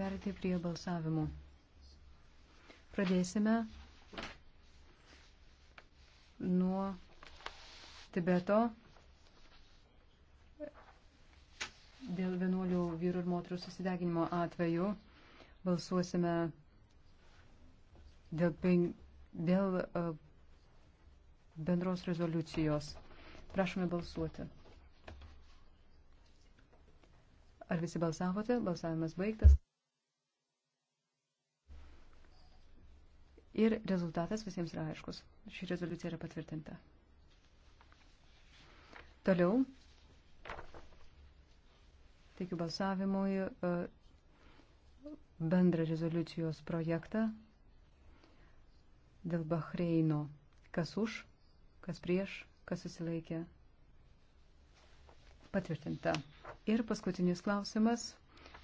Perėti prie balsavimų. Pradėsime nuo Tibeto dėl vienuolių vyrų ir moterų susideginimo atveju. Balsuosime dėl, pen, dėl uh, bendros rezoliucijos. Prašome balsuoti. Ar visi balsavote? Balsavimas baigtas. Ir rezultatas visiems yra aiškus. Ši rezoliucija yra patvirtinta. Toliau. Teikiu balsavimui e, bendrą rezoliucijos projektą dėl Bahreino. Kas už, kas prieš, kas susilaikė. Patvirtinta. Ir paskutinis klausimas.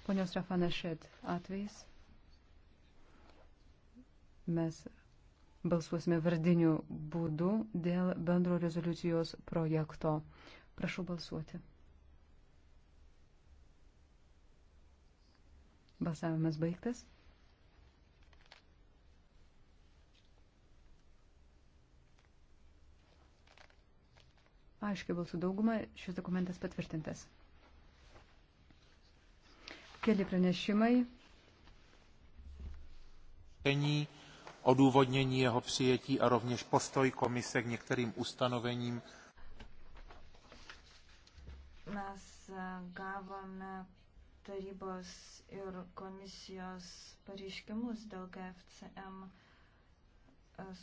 Ponios Rafana Šed atvejs mes balsuosime vardiniu būdu dėl bendro rezoliucijos projekto. Prašau balsuoti. Balsavimas baigtas. Aiškiai balsų daugumą šis dokumentas patvirtintas. Keli pranešimai. Penį odůvodnění jeho přijetí a rovněž postoj komise k některým ustanovením. Mes eh, gavome tarybos ir komisijos pareiškimus dėl GFCM eh,